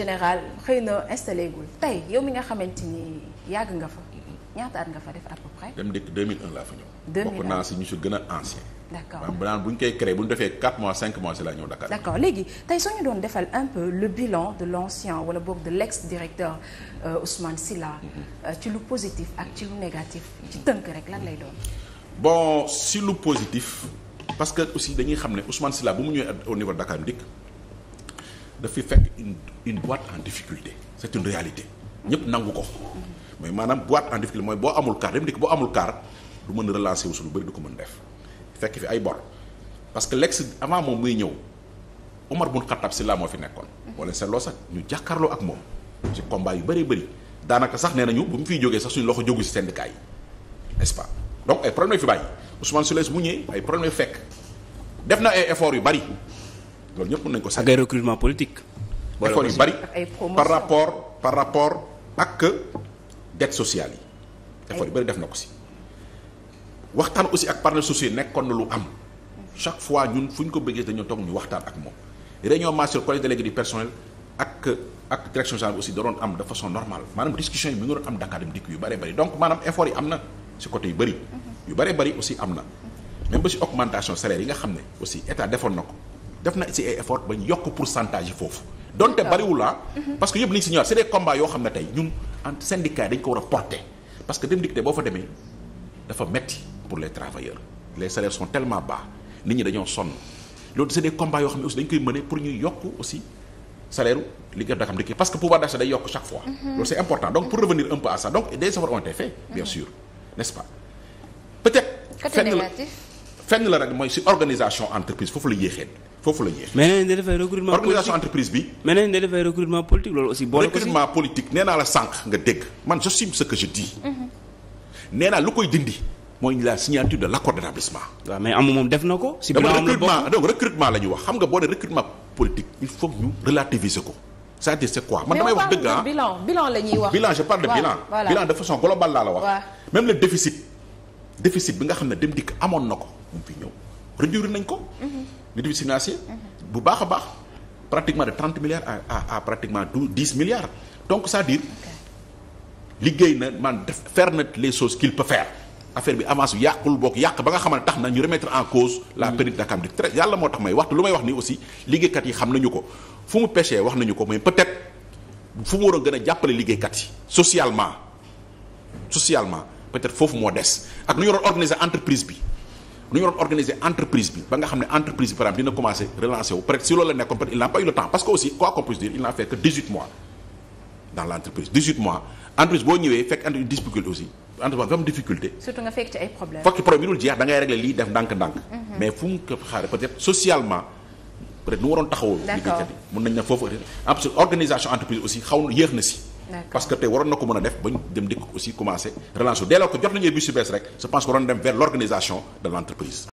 général xëy na installé gul tey yow mi nga xamante ni yàgg nga fa ñaata at nga fa def à peu près. dem dëkk 2001 laa fa ñëw. bokk naa si ñu si gën a ancien. d' accord maanaam koy créé bu ñu defee 4 mois cinq mois si laa ñëw Dakar. d' accord léegi tey soo ñu doon defal un peu le bilan de l' ancien wala boog de l' ex directeur euh, Ousmane Sylla. Mm-hmm. Euh, ci lu positif ak ci lu négatif. ci tënk rek lan lay doon. bon si lu positif parce que aussi dañuy xam ne Ousmane Sylla bu mu ñëwee au niveau de Dakar daf fi fekk une une boîte en difficulté c'est une réalité ñëpp nangu ko mais maanaam boîte en difficulté mooy boo amul kaar dem dikk boo amul kaar du mën relancer wu su lu bëri du ko mën def fekk fi ay bor parce que l'ex avant moom muy ñëw Omar bun Xattab si la moo fi nekkoon. wala seetloo sax ñu jàkkaarloo ak moom ci combat yu bëree bëri daanaka sax nee nañu bu mu fiy jógee sax suñu loxo jógu si syndicat yi n'est-ce pas donc ay problème fi bàyyi Ousmane Souleye mu ñëwee ay problème fekk def na ay efforts yu bëri. loolu ñëpp mën nañ ko ak ay recrutement politique. école yu bari par rapport par rapport ak dette sociale yi. effort yu bari def na ko si. waxtaan aussi ak partenaires sociaux nekkoon na lu am. chaque fois ñun fu ñu ko bëggee dañoo toog ñu waxtaan ak moom. réunion mensuelle collège délégué du personnel ak ak direction générale aussi da doon am de façon normale maanaam discussion yi mi ngi doon am Dakar dem dikk yu bari bari donc maanaam effort yi am na si côté mhm. aussi am na. même ba yi nga xam ne aussi état defoon na ko. def na si ay effort ba ñu yokk pourcentage yi foofu. donte bariwul la ah. mhm. parce que yëpp yoo xam ne tey ñun en syndicat dañ ko war a porter parce que dem metti pour les travailleurs les salaires tellement bas nit ñi dañoo sonn loolu c'est des combats yoo xam ne aussi dañ pour ñuy yokk aussi salaire liggéey parce que pouvoir d'achat day yokk fois. Mhm. loolu c'est important donc pour mhm. la fenn la rek mooy si organisation entreprise foofu la yéexee. foofu la ñuy mais nee nañ dafay recrutement politique organisation entreprise bi. mais nee nañ dafay recrutement politique loolu aussi. boole ko recrutement politique nee naa la sànq nga dégg man j'assume ce que je dis. Mhm. nee naa lu koy dindi. mooy la signature de l'accord d'établissement. waaw mais amu moom def na ko. si bilan recrutement donc recrutement la ñu wax xam nga boo ne recrutement politique il faut ñu relativiser ko c'est-à-dire c'est quoi man damay wax dëgg ah bilan bilan la ñuy wax. bilan je parle de bilan bilan de façon globale laa la wax. même le déficit déficit bi nga xam ne dem dikk amoon na ko mu fi ñëw réduire nañ ko. Mhm. du déficit financier. Mhm. bu baax a baax pratiquement de trente milliards à à à pratiquement douze dix milliards donc c'est-à-dire liggéey na man def faire na les choses qu'il peut faire. affaire bi avance bi yàqul bokk yàq ba nga ne tax na ñu remettre en cause la mhm. pérennité de la Cameroun yàlla moo tax may waxtu lu may wax ni aussi liggéeykat yi xam nañu ko fu mu pêché wax nañu ko mais peut fu mu waroon gën a jàppale liggéeykat yi socialement socialement peut-être foofu moo des ak nu ñu doon organiser bi nu ñu waroon organiser entreprise bi ba nga xam ne entreprise bi par exemple dina commencer relancer wu peut être si loolu la nekkoon peut être il n'a pas eu le temps parce que aussi quoi aussi entreprise dafa fokk yi dul jeex da ngay lii def ndànk-ndànk. mais fu mu ko xaaree peut être socialement. peut être nu waroon taxawoo. mun nañ na foofu organisation entreprise aussi xaw yéex na si. parce que tey waroon na ko mën a def ba ñu dem dikk aussi commencé relancer dès lors que jot nañu ay bees rek je pense que waroon dem vers l' de l'